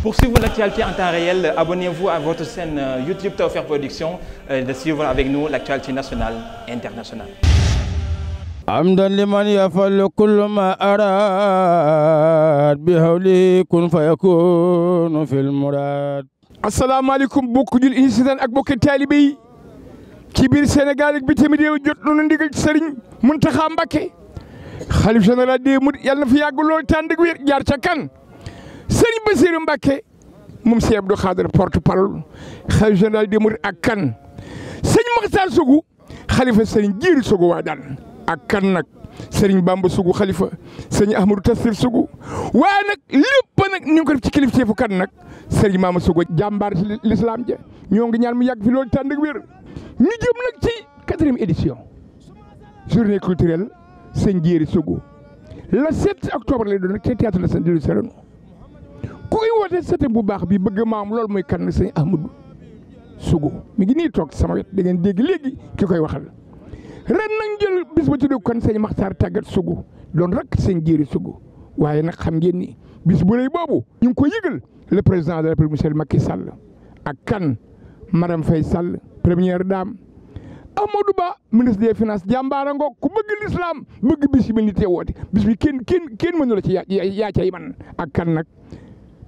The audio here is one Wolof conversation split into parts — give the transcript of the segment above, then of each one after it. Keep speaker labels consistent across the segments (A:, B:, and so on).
A: Pour suivre l'actualité en temps réel, abonnez-vous à votre chaîne euh, YouTube Tawfekh Production euh, de suivre avec nous l'actualité nationale et internationale.
B: حمدا
C: لمن يفعل كل ما أراد بحوله كن فيكون في المراد.
D: asalaamaaleykum bokk jul insitaan ak bokki taalibe yi ci biir Sénégal ak bitim réew jot nañu ndigal ci Sëriñ Muntaxa Mbakke xalif général des mourides fi yàgg lool tànn ak sëriñ Bassirou Mbacké moom Cheikh Abdou Khadre porte parole xalifa général des mourides ak kan sëñ Makhtar xalifa sëriñ Jiiru Sougou waa daan ak kan nag sëriñ Bamba Sougou xalifa sëriñ Ahmadou Tafsir Sougou waa nag lépp nag ñu ngi ko def ci kilifteefu kan nag sëriñ Mama Sougou jàmbaar ci l'islam ja ñoo ngi ñaan mu yàgg fi loolu tànn ak wér ñu jëm nag ci quatrième édition journée culturelle sëñ Jiiru Sougou le 7 octobre lay doon ci théâtre la seen dilu sereno koy woote sëtam bu baax bi bëgg maam loolu mooy kan sëñ Ahmadou Sougou mi ngi nii toog sama wet da ngeen dégg léegi ki koy waxal ren nag jël bis ba tuddee kon sëñ Maxtaar Tàggat Sougou doon rakk sëñ Jéeri Sougou waaye nag xam ngeen ni bis bu rëy boobu ñu ngi ko yëgal le président de la République monsieur Macky Sall ak kan madame Faye sal première dame Amadou Ba ministre des finances jàmbaara ngoog ku bëgg l'islam bëgg bis bi nit woote bis bi kenn kenn kenn mënu la ci yaa yaa cay man ak kan nag.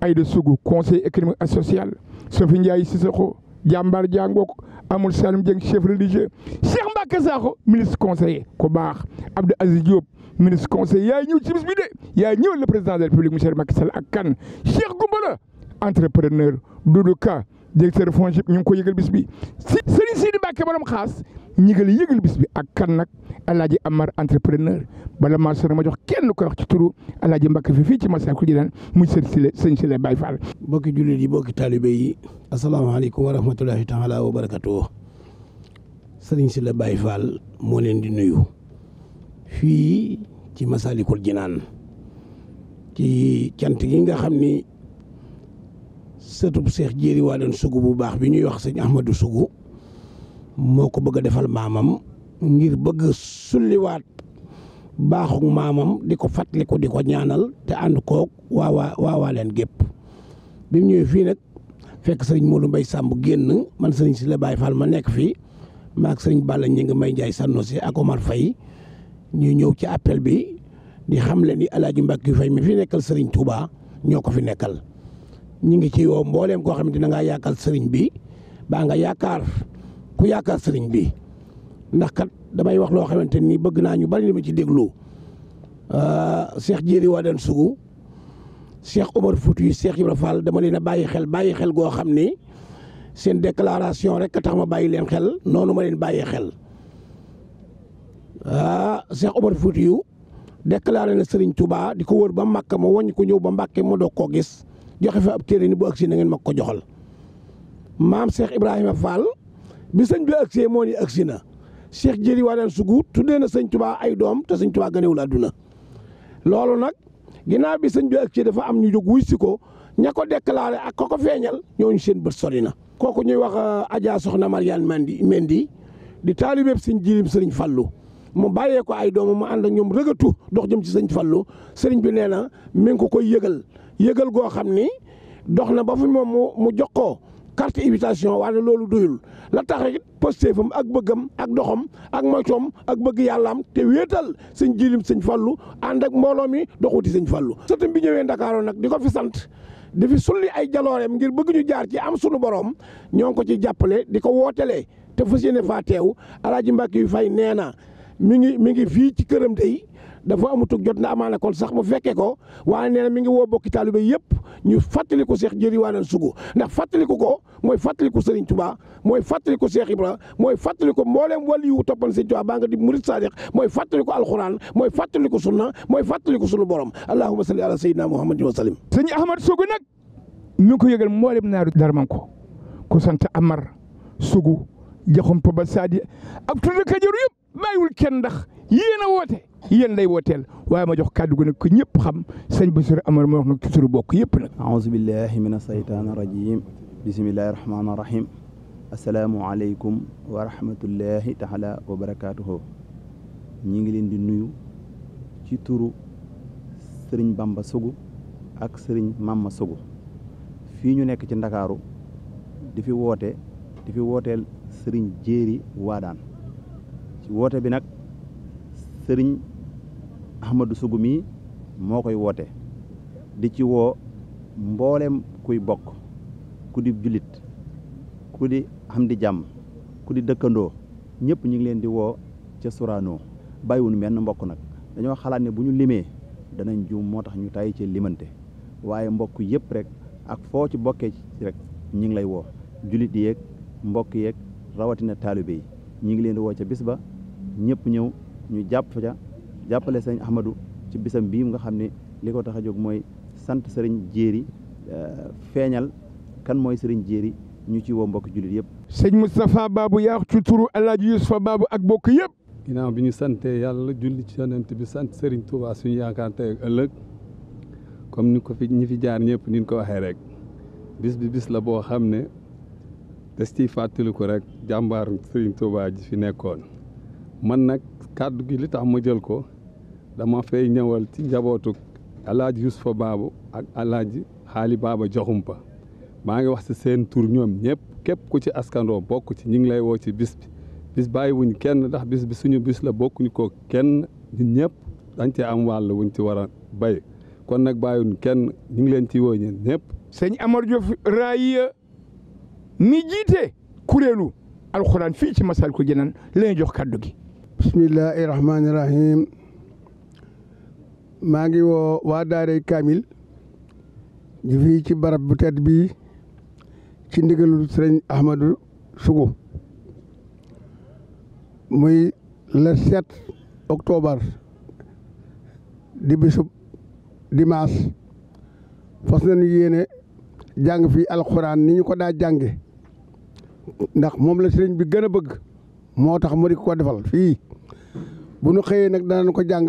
D: Aïda Sougou conseil économique et social Sophie Ndiaye Cissokho jàmbaar jàngook amul Saloum Dieng chef religieux Cheikh Mbacke Sakho ministre conseiller ku baax Abdou Aziz Diop ministre conseiller yaay ñëw ci bis de yaay ñëw le président de la république monsieur Macky Sall ak kan Cheikh Goumbala entrepreneur Doudou Ka directeur FONGIP ñu ngi ko yëgal bis bi Serigne Sidi Mbacke borom xaas ñigal yëgal bis bi ak kan nag alaaji Amar entrepreneur bala maa sori ma jox kenn koy wax ci turu alaaji Mbàkke fi fii ci Massalikul Jinaan muy sër Sile sëñ Sile Baye Fall. mbokki jullit yi mbokki taalibe yi asalaamaaleykum wa rahmatulahi taala wa barakatuh
C: sëriñ Sile Baye Fall moo leen di nuyu fii ci Massalikul Jinaan ci cant gi nga xam ni sëtub seex jéeri waa leen sugu bu baax bi ñuy wax sëñ Ahmadou Sugu moo ko bëgg a defal maamam ngir bëgg sulliwaat baaxu maamam di ko fàttaliku di ko ñaanal te ànd koog waawaa waawaa leen gépp bi mu ñëwee fii nag fekk sëriñ Modou Mbaye sàmb génn man sëriñ si la Baye Fall ma nekk fii maag sëriñ Balla ñi ngi may Ndiaye Sanosi ak Omar Faye ñu ñëw ci appel bi di xam le ni Alaaji Mbàkke fay mi fi nekkal sëriñ Touba ñoo ko fi nekkal ñu ngi ci yow mbooleem koo xam ne dina ngaa sëriñ bi baa nga yaakaar ku yaakaar sëriñ bi ndax kat damay wax loo xamante nii bëgg naa ñu bari li ma ci déglu euh, Cheikh Jéeri Wadane Sougou Cheikh Omar Fouti Cheikh Ibra Fall dama leen a bàyyi xel bàyyi xel goo xam ni seen déclaration rek a tax ma bàyyi leen xel noonu ma leen bàyyee xel ah Cheikh Omar Fouti yu déclaré na Serigne Touba di ko wër ba Màkka ma wàññi ko ñëw ba Mbàkke ma doog koo gis joxe fa ab téere ni bu ngeen ma ko joxal maam Cheikh Ibrahima Fall. bi sëñ bi agsee moo ni agsi na Cheikh Jëri Wadane Sougou tuddee na sëñ tubaa ay doom te sëñ Touba ganewul àdduna loolu nag ginnaaw bi sëñ bi agsee dafa am ñu jóg wuy si ko ña ko déclaré ak ko ko feeñal ñooñu seen bët sori na. kooku ñuy wax euh, Adja Soxna Mariane Mendy Mendy di taalibeeb sëñ jirim sëriñ Fallu mu bàyyee ko ay doomam mu ànd ak ñoom rëgatu dox jëm ci sëñ Fallu sëriñ bi nee na mi ngi ko koy yëgal yëgal goo xam ni dox na ba fi moom mu mu jox ko carte invitation waaye loolu doyul la tax rek postéefam ak bëggam ak doxam ak moytoom ak bëgg yàllaam te wéetal sëñ jilim sëñ fallu ànd ak mbooloo mi doxuti sëñ fallu sëtam bi ñëwee Ndakaaru nag di ko fi sant di fi sulli ay jalooreem ngir bëgg ñu jaar ci am sunu borom ñoo ngi ko ci jàppale di ko wootelee te fas yéene faa teew alaaji Mbàkke fay nee na mi ngi mi ngi fii ci këram tey dafa amutug jot na amaana kon sax mu fekkee ko waaye nee na mi ngi woo bokki taalibe yëpp ñu fàttaliku Cheikh Jëriwaanal Sugu ndax fàttaliku ko mooy ku Serigne tubaa mooy fàttaliku Cheikh Ibra mooy fàttaliku mbooleem wali yu toppan Serigne Touba baa nga di murid sadiq mooy fàttaliku alxuraan mooy fàttaliku sunna mooy fàttaliku sunu borom allahumma salli ala sayyidina muhammadin wa salim
D: sëñ Ahmad Sugu nag mi ngi ko yëgal mbooleem naaru darman ko ku sant Amar Sugu jaxum Paba Sadi ak tudd Kajoor yëpp kenn ndax yéen a woote yéen day wooteel waaye ma jox kàddu gu nag ko ñëpp xam sëñ Bassirou Amar ma wax nag ci suñu bokk yépp nag aouzu
A: billahi min asaytaan rajim bismillahi rahmaani rahim asalaamu aleykum wa rahmatullahi taala wa barakaatuhu ñi ngi leen di nuyu ci turu sëriñ Bamba Sougou ak sëriñ Mama Sougou fii ñu nekk ci ndakaaru di fi woote di wooteel sëriñ Jéeri Waadaan ci woote bi nag sëriñ Ahmadou Sougou mii moo koy woote di ci woo mboolem kuy bokk ku di jullit ku di am di jàmm ku di dëkkandoo ñëpp ñu ngi leen di woo ca Sorano bàyyiwuñu benn mbokk nag dañoo xalaat ne bu ñu limee danañ juum moo tax ñu tàyyi ci limante waaye mbokk yëpp rek ak foo ci bokkee rek ñu ngi lay woo jullit yeeg mbokk yeeg rawatina taalibe yi ñu ngi leen di woo ca bis ba ñëpp ñëw ñu jàpp ca jàppale sëriñ Ahmadou ci bisam biim nga xam ni li ko tax a jóg mooy sant sëriñ Jéeri euh, feeñal kan mooy sëriñ Jéeri ñu ci woo mbokk jullit yëpp.
D: sëñ Moustapha Babou yaa ci turu El Hadj Youssoufa Babou ak bokk yëpp. ginnaaw bi ñu santee yàlla julli ci yonent bi sant Serigne Touba suñu yaakaar tey ëllëg comme ni ko fi ñi fi jaar ñëpp ni ko waxee rek bis bi bis la boo xam ne des ciy fàttaliku rek jàmbaaru Serigne Touba ji fi nekkoon man nag. kàddu gi li tax ma jël ko dama fay ñëwal ci njabootu alaaji Yusufa Babu ak alaaji Xaali Baaba Joxumpa maa ngi wax si seen tur ñoom ñëpp képp ku ci askandoo bokk ci ñi ngi lay woo ci bis bi bis bàyyiwuñ kenn ndax bis bi suñu bis la bokkuñu ko kenn ñun ñëpp dañ cee am wàll wuñ ci war a bay kon nag bàyyiwuñ kenn ñu ngi leen ci woo ñun ñëpp sëñ Amar Diouf Raaya mi jiite kuréelu alxuraan fii ci masal ko jënan lañu jox kàddu gi bismillaahi rahmaani rahiim
C: maa ngi woo waa daaray kaamil ji fii ci barab bu tedd bii ci ndigalul sëriñ Ahmadou Sougou muy le 7 octobre di bisub dimanche fas nañu yéene jàng fii alxuraan ni ñu ko daa jànge ndax moom la sëriñ bi gën a bëgg moo tax mu di ko defal fii bu nu xëyee nag nu ko jàng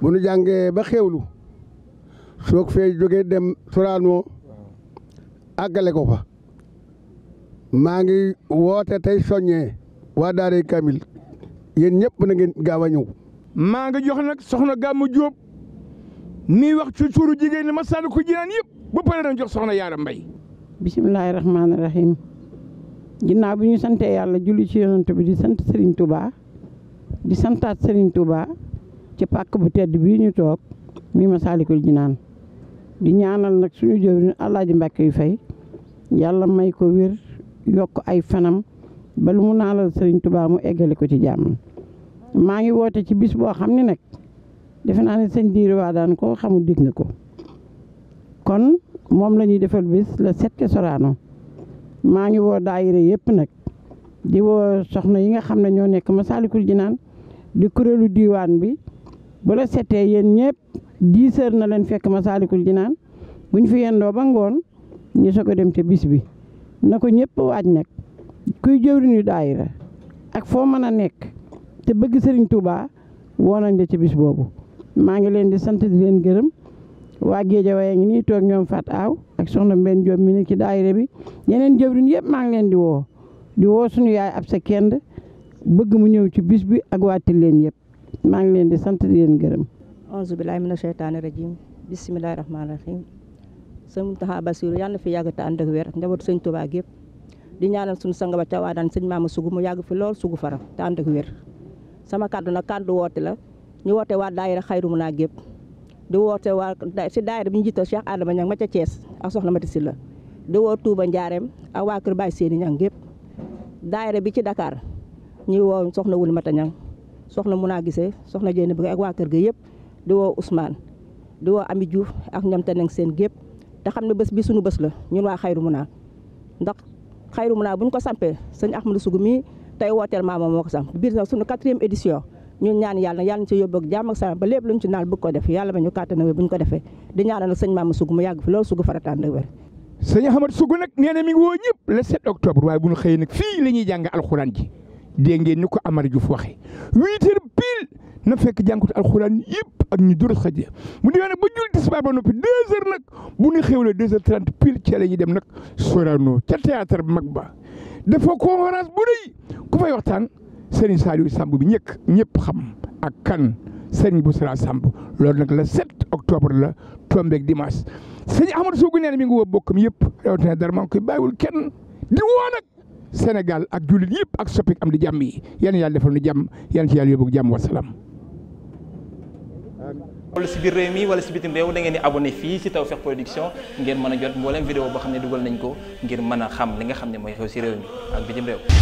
C: bu nu jàngee ba xewlu soo fee jógee dem Sorano àggale ko fa maa ngi woote tey soññee waa Daaray Kamil yéen ñëpp na ngeen gaaw a ñëw.
D: maa ngi jox nag soxna Gamou Diop mi wax ci suuru jigéen ni ma sànni ko jinaan yëpp ba pare dañ jox soxna Yaara Mbay
B: bismillaahi rahmaani rahim. ginnaaw bi ñu santee yàlla julli ci yonent bi di sant Serigne Touba di santaat sëriñ Touba ci pàkk bu tedd bii ñu toog mi Masaalikul Jinaan di ñaanal nag suñu jëwriñ Alaaji Mbàkke yu fay yàlla may ko wér yokk ay fanam ba lu mu naalal sëriñ Touba mu eggale ko ci jàmm maa ngi woote ci bis boo xam ne nag defe naa ne sëñ diir waa daan ko xamul dig nga ko kon moom la ñuy defal bis la set ke Sorano maa ngi woo daayira yëpp nag di woo soxna yi nga xam ne ñoo nekk Masaalikul Jinaan di kuréelu diwaan bi bu la setee yéen ñëpp 10 heures na leen fekk Masaalikul Jinaan bu ñu fi yendoo ba ngoon ñu soog a dem ca bis bi na ko ñëpp waaj nekk kuy jëwriñu daayira ak foo mën a nekk te bëgg Sëriñ Tuubaa woo nañ la ca bis boobu maa ngi leen di sant di leen gërëm waa Géejawaay a ngi nii toog ñoom fat aaw ak soxna Mbène Diop mi ne ci daayira bi ñeneen jëwriñ yëpp maa ngi leen di woo di woo suñu yaay ab sa kend bëgg mu ñëw ci bis bi ak waatil leen yëpp maa ngi leen di sant di leen gërëm
A: auzu billahi mina sheytaani rajim bismillahi rahmaani rahim sëñ Mountakha Bassirou yàlla na fi yàgg te ànd ak wér ak njabootu sëñ Tuubaa yëpp di ñaanal suñu sang ba ca waa daan sëñ maama sugu mu yàgg fi lool sugu fara te ànd ak sama kàddu nag kàddu woote la ñu woote waa daayira xayru mu gépp di woote waa si daayira bi ñu jiital Cheikh Adama Niang ma ca Thiès ak soxna Mati la di woo Touba Ndiarème ak waa Kër baay Séni Niang gépp daayira bi ci dakaar ñuy woo soxna Wuli Mata Niang soxna Muna Gisee soxna Jéyna bi ak waa kër ga yëpp di woo Ousmane di woo Ami Diouf ak ñoom te nag seen gépp te xam ne bës bi suñu bës la ñun waa xayru Muna ndax xayru Muna bu ñu ko sampee sëñ Ahmadou a mii tey wooteel maama moo ko samp biir na suñu quatrième édition ñu ñaan yàlla yàlla ñu ci yóbbu ak jàmm ak salaam ba lépp luñ ci naal bëgg ko def yàlla ma ñu kàttan ak wér bu ñu ko defee di ñaanal nag sëñ Mamadou Sougou mu yàgg fi loolu Sougou farataan ak wér
D: sëñ Ahmadou Sougou nag nee mi ngi woo ñëpp le 7 octobre waaye bu ñu xëyee nag fii la ñuy jàng alxuraan ji dégg ngeen ni ko Amar Diouf waxee huit heures pile na fekk jàngatu alxuraan yëpp ak ñu durus xëj mu di nag nag la ñuy dem nag Sorano ca théâtre mag ba dafa conférence bu rëy ku fay waxtaan Serigne Saliou Samb bi ñëkk ñëpp xam ak kan bu Boussira Samb loolu nag la 7 octobre la tombeeg dimanche Serigne Ahmadou Sougou nee na mi ngi woo bokkam yëpp rawatina dara maa ngi bàyyiwul kenn di woo nag Sénégal ak jullit yëpp ak soppik am di jàmm yi yal na yàlla defal nu jàmm yal na ci yàlla yóbbu jàmm wasalaam.
A: wala si biir réew mi wala si bitim réew da ngeen di abonné fii si Tawfekh Production
B: ngeen mën a jot mboolem vidéo boo xam ne dugal nañ ko ngir mën a xam li nga xam ne mooy